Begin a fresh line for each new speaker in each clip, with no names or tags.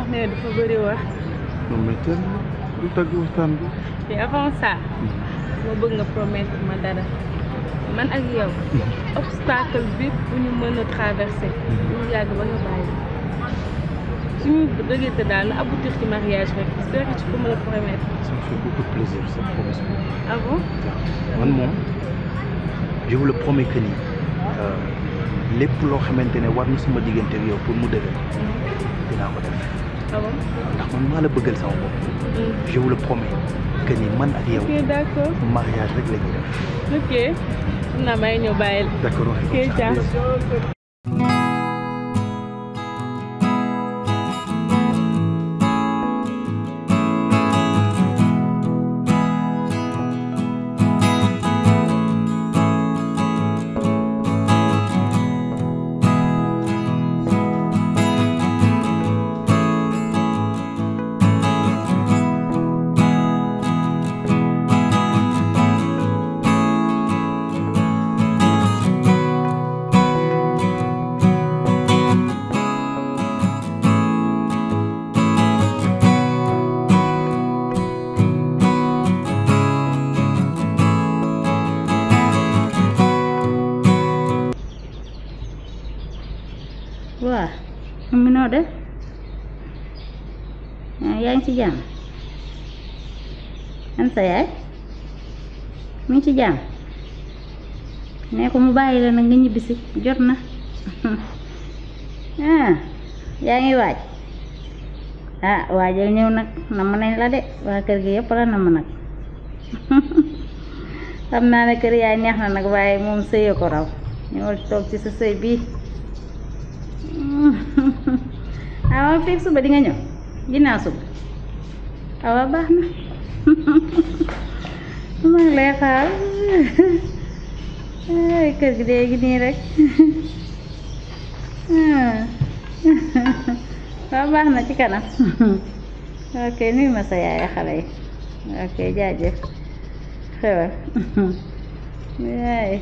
ndax nee dafa bëri wax. moom mooy kenn du tagg waxtaan bi. te avant ça. ma bëgg nga promettre ma dara. man ak yow. obstacle bi bu ñu mën a traversé. Mhm. ñu yàgg ba nga bàyyi. suñu dëggante daal na aboutir ci mariage rek j'espère que tu peux me le promettre. Ah man moom
je vous le promets euh, lépp loo xamante ne war na sama diggante ak yow pour mu dëgër mhm. dinaa ko def.
ndax
man maa la bëggal sama bopp. Mm. je vous le promets que ni man ak yow. ok d'accord mariage rek la ñuy def.
ok xam naa maa ngi ñëw bàyyi la. Ah, yaa ngi ci jàmm am sa yaay mu ngi ci jàmm nee ko mu bàyyi la nag nga ñibbisi jot na ah yaa ngi waaj ah waajal ñëw nag namm nañ la de waa kër gi yëpp la namm nag xam naa ne kër yaay neex na nag waaye moom sëye ko raw ñëwal toog ci sa sëy bii ah, awa fii suba di nga ñëw ginnaaw suba awa baax na maa ngi lay xaar ay kër gi nii rek waaw baax na ci kanam ok nuyu ma sa yaay xale yi ok jaajëf xewal yaay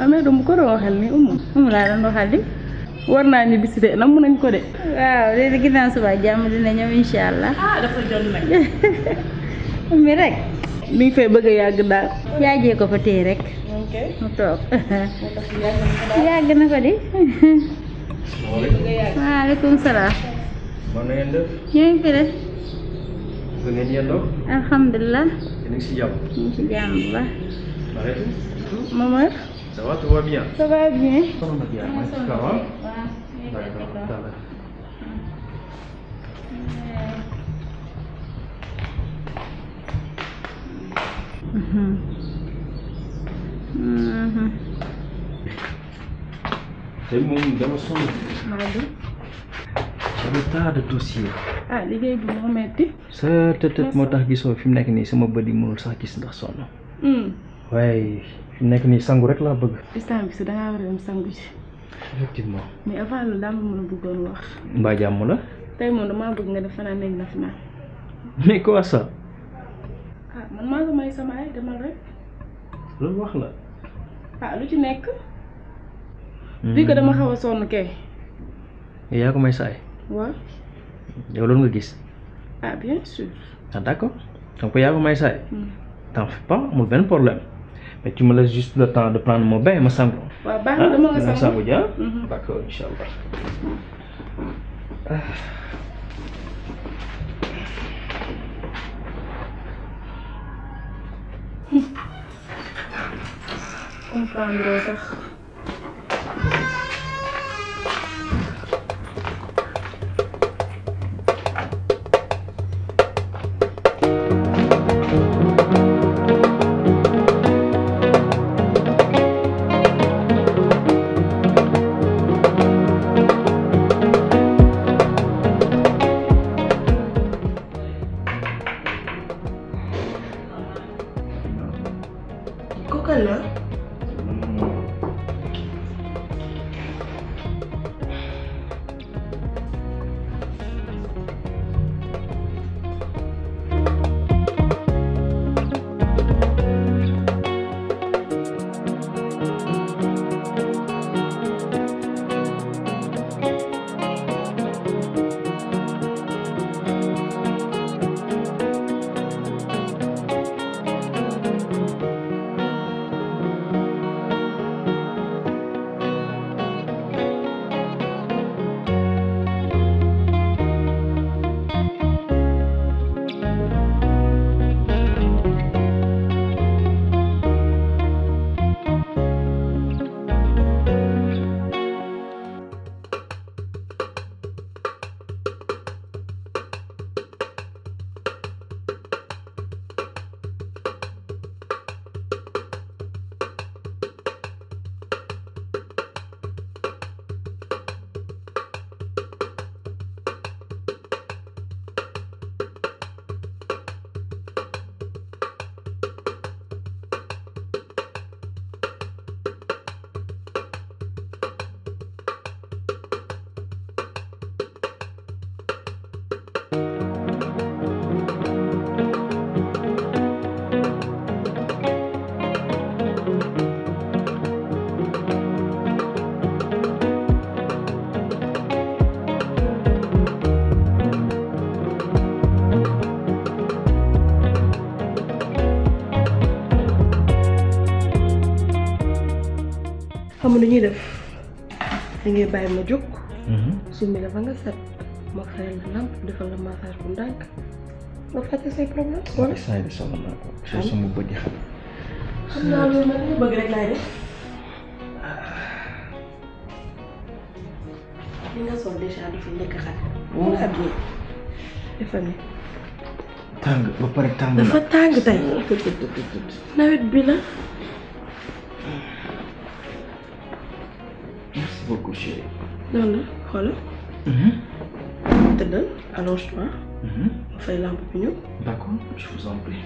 amee dum ko doon ni umu umu laa doon waxal di war naa ni bis de nam nañ ko de. waaw léegi ginnaaw suba jàmm dina ñëw incha allah. mi ah, rek. mi ngi fay bëgg yàgg daal. yaajee ko fa téye rek. mu toog. yàgg na ko di. waaleykum salaam. man ngi fi alhamdulilah. yéen a
bien. Dobrego, dalej. Mhm.
dama sonn. moo tax gisoo fi mu nekk nii sama bët yi mënul sax gis ndax sonn. waaye fi nekk nii sangu rek laa bëgg. instant war a dem sangu ji. effectivement. mais avant loolu daa ma mën a bëggoon wax. mbaa jàmm la. tey moom damaa bëgg nga def fanaan nañ la fanaan. mais quoi ça. ah man maa ngi may sama demal rek. loolu wax la. ah lu ci nekk. bii hmm. ko dama xaw a sonn kay. yaa ko may saay. waaw. yow loolu nga gis. ah bien sûr. ah d'accord donc yaa ko may saay. Hmm. t'en fais pas benn problème mais tu me laisses juste le temps de prendre mon ma sangu. waaw baax na ah, dama nga sangu ja d'accord incha allah comprendre sax ma jóg. Mhm. summi la ma fayal la
lamp defal la massage ko.
soo sama bët dafa tàng tàng dafa
tàng tey. nawet bi la. chérie. non non xoolal. Mhm. tëddal allonge-toi. ma mhm. fay lampe bi ñëw.
d'accord je vous en prie.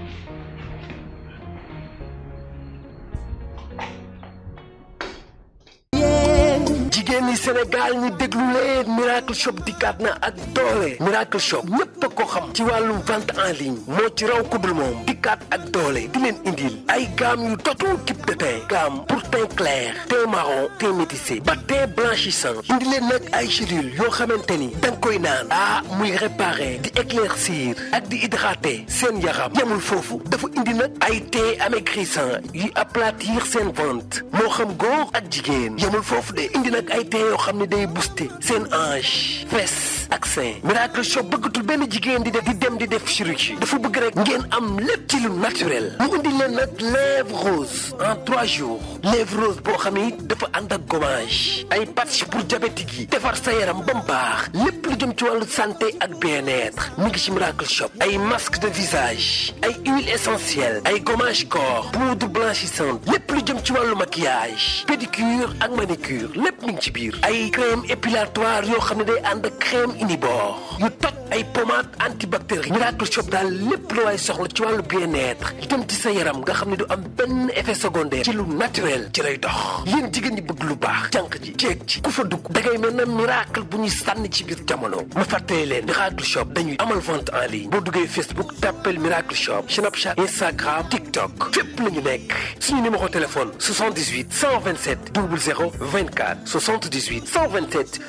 jigéeni Sénégal ñi déglu leen Miracle Shop dikkaat na ak doole Miracle Shop ñépp a ko xam ci wàllum vente en ligne moo ci raw kudul moom dikkaat ak doole di leen indil ay gamme yu totul type de teint gamme pour teint clair teint marron teint métissé ba teint blanchissant indi leen nag ay gélule yoo xamante ni danga koy naan ah muy réparer di éclaircir ak di hydrater seen yaram yamul foofu dafa indi nag ay teint amaigrissant yi aplatir seen vente moo xam góor ak jigéen yamul foofu de indi nag qualité yoo xam ne day booster seen âge fees ak sein miracle shop bëggatul benn jigéen di def di dem di def chirurgie dafa bëgg rek ngeen am lépp ci lu naturel mu indi leen nag lèvre rose en trois jours lèvre rose boo xam ni dafa ànd ak gommage ay patch pour diabétique yi defar sa yaram ba mu baax lépp lu jëm ci wàllu santé ak bien-être mu ngi ci miracle shop ay masque de visage ay huile essentielle ay gommage corps poudre blanchissante lépp lu jëm ci wàllu maquillage pédicure ak manicure lépp mu ngi ci biir ay crème épilatoire yoo xam ne day ànd ak crème Unibor yu toj ay pommade antibactérienne Miracle Shop daal lépp lu waay soxla ci wàllu bien-être dem ci sa yaram nga xam ne du am benn effet secondaire ci lu naturel ci lay dox yéen jigéen bëgg lu baax jànq ji ceeg ci ku fa dugg da ngay mel na miracle bu ñuy sànni ci biir jamono ma fàttali leen Miracle Shop dañuy amal vente en ligne boo duggee Facebook tàppel Miracle Shop Snapchat Instagram TikTok fépp la ñu nekk suñu numéro téléphone 78 127 00 24 78 127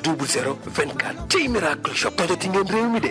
Shop tojoti ngeen réew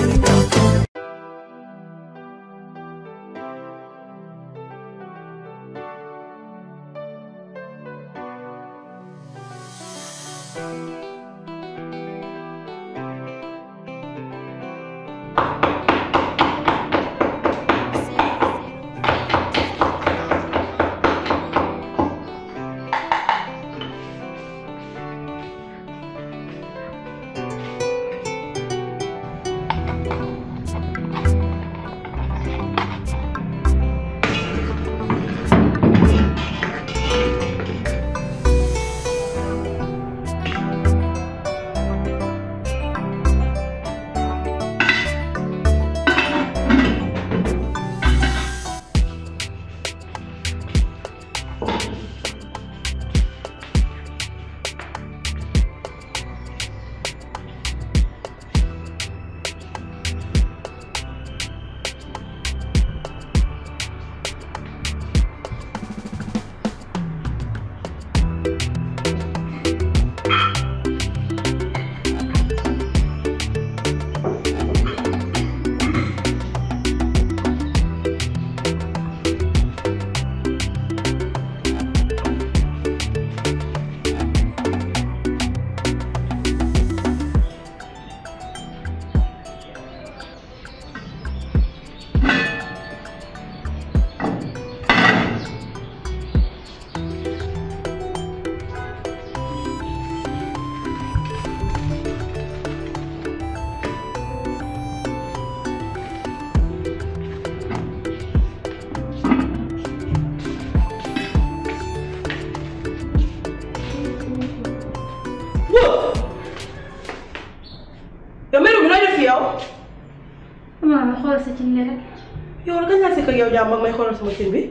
ak yow jàmm mag may xoolal sama cin bi.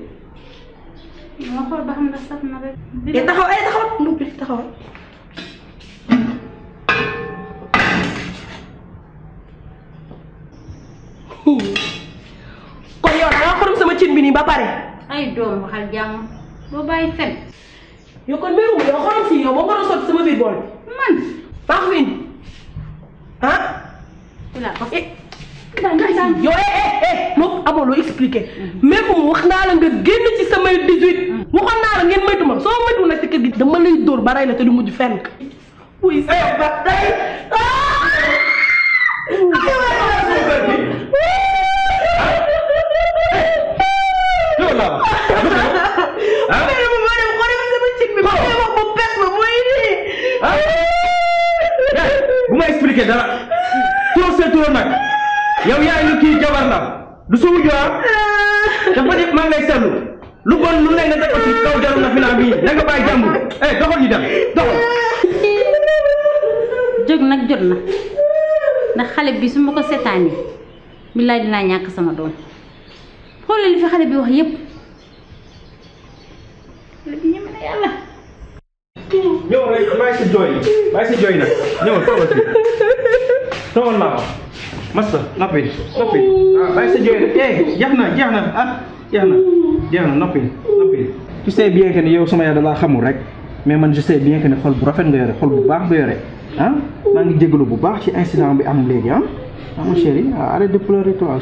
ma xool ba xam ne saf na rek. te taxaw ay eh, taxawal
noppi kon yow da nga xorom sama cin bi nii ba pare.
ay doom waxal jàmm boo fen.
yow kon merum yow xorom si yow boo ko doon sotti sama biir bool bi. man baax fi indi ah. yow eh, eh eh moom amoo loo expliqué mais moom wax naa la nga génn ci samay 18 waxoon naa la ngeen moytu ma soo moytu nag si kër gi dama lay dóor ba rey la te du mujj fenn. wuy sa ba day ah. ah.
eh, bu ma expliqué dara
trop c'est trop nag yow yaay lu kii jabar la du su wujju ah. dafa def
maa ngi lay lu bon lu ne nga def ci kaw jaru na filan bii da nga bàyyi jàmbur
eh doxal
ñu
jóg nag jot na ndax xale bi su ma ko seetaanee mi laa dinaa ñàkk sama doom xoolal li fi xale bi wax yépp
ñëw rek si jooy maa ngi si jooy si
toogal naa masta noppil noppil waaw ah, bàyyi sa eh, na jeex na ah jeex na jeex yow sama yaay xamul rek mais man je sais bien que ne xol bu rafet nga yore xol bu baax nga yore ah, maa ngi jégalu bu baax ci incident bi am léegi ah ah mon chéri ah, arrête de pleurer toi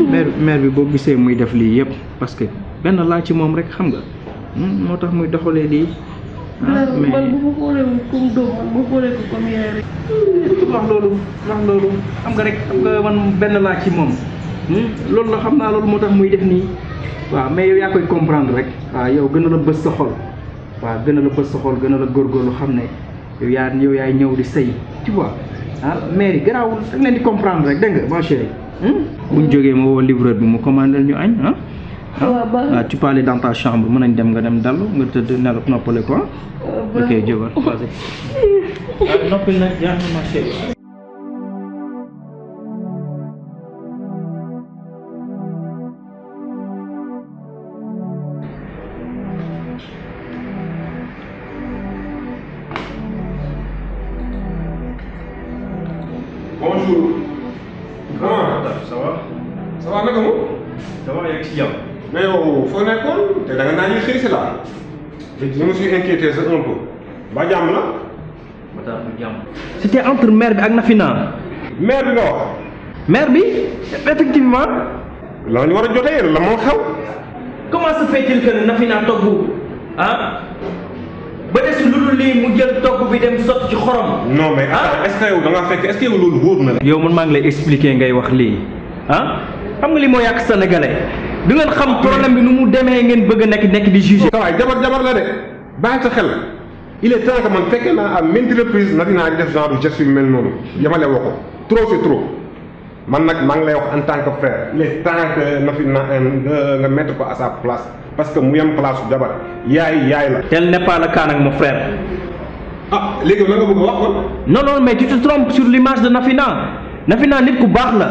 mm. hmm? bi boo gisee muy def lii yëpp parce que benn laa ci moom rek xam nga hmm, moo tax muy doxalee lii Ah, mais man
bu ma xoolee comme doom man ma ko comme yaay rek. wax loolu
wax loolu xam nga rek xam nga man benn laa ci moom hmm? loolu la xam naa loolu moo tax muy def nii waaw mais yaa koy comprendre rek waaw yow gën a la bës sa xol waaw gën a la bës sa xol gën a la góorgóorlu xam ne yow yaa yow yaay ñëw di sëy tu vois ah, mais garaawul da nga leen di comprendre rek dégg nga ma hmm? jógee ma woo bi mu commandé ñu añ ah. ah tu peux aller dans ta chambre mën nañ dem nga dem dallu nga tëdd nelaw noppale quoi ok jëbal vas ah, nag yaa ngi marché
Bonjour. foo nekkoon te da nga naan xëy si laa je me suis inquiété sa un peu ba jàmm la. ma taal du jàmm. c'était entre maire bi ak Nafina. maire bi nga wax. maire bi effectivement. la ñu war a jotee la moo xew. comment se fait-il que Nafina ah? ba des lu dul lii mu jël togg bi dem sotti ci xorom. non mais ah? est-ce que yow da fekk est loolu wóor
na la. yow man maa ngi lay expliquer ngay wax lii ah
xam nga li moo yàq sénégalais. du ngeen xam problème bi nu mu demee ngeen bëgg a nekk nekk di jugé. waaw jabar jabar la de bàyyi sa xel il est temps que man fekkee naa à maintes reprises nag naa de geste yu mel noonu yamale woo ko trop c'est trop man nag maa ngi lay wax en tant que frère il est temps que na fi na euh, nga mettre ko à sa place parce que mu yem place su jabar yaay yaay la. tel n'est pas le cas frère. ah léegi la nga bëgg a wax kon. non non mais tu te trompes sur l'image de Nafina baax la.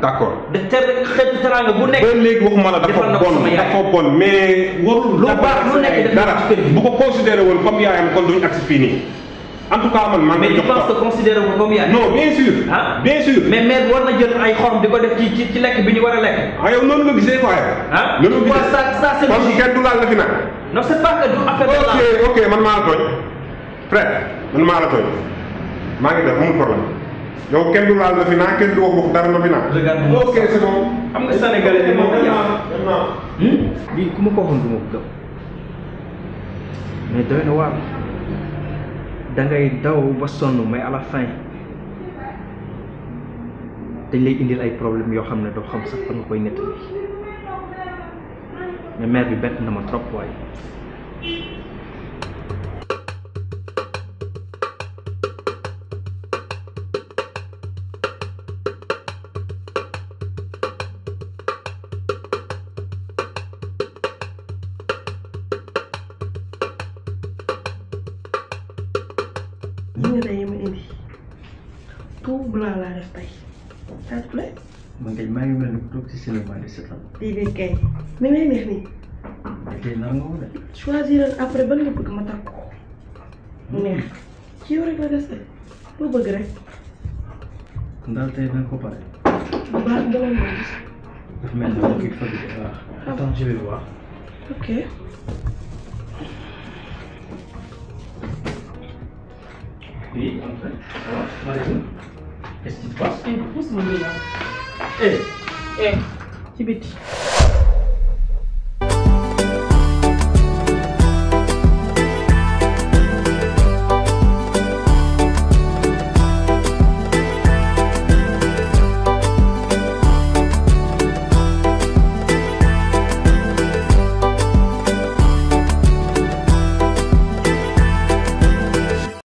d' accord de ter xeetu teraanga bu nekk. ba léegi waxuma la dafa bon bon mais. warul lu baax lu nekk dara bu ko considéré woon comme yaayam kon duñ agsi fii nii. en tout cas man maa ngi mais que considéré ko comme yaay. non bien sûr. ah bien sûr. mais ay def ci ci bi ñu war a lekk. ah yow noonu nga gisee ah? kenn du laal la fi nag. non c' man maa la tooñ. frère man maa la tooñ maa ngi def amul problème. yow kenn du laal la finance kenn du wax wax dara la finance. ok c'est bon. am na Sénégalais yi moom hmm? lii ku ma ko waxoon
na waar da daw ba sonn mais à la fin dañ lay indil ay problème yoo xam ne doo xam sax fan nga koy nettali mais maire bi bett na ma trop waaye.
yére yi ma indi tout blanc def tey ça te plaît.
man kay maa ngi mel ni toog ci cinéma di seetaan.
déedéet mi may neex nii.
tey naa de.
choisir après ban nga ma takk mu hmm. neex ci yow rek la des de loo bëgg rek.
ndax tey na ko pare.
bu baax nga leen ma
gis. fa bi waaw. attends je vais voir.
ok. enfin, ça va Qu'est-ce qui se passe
Eh, eh,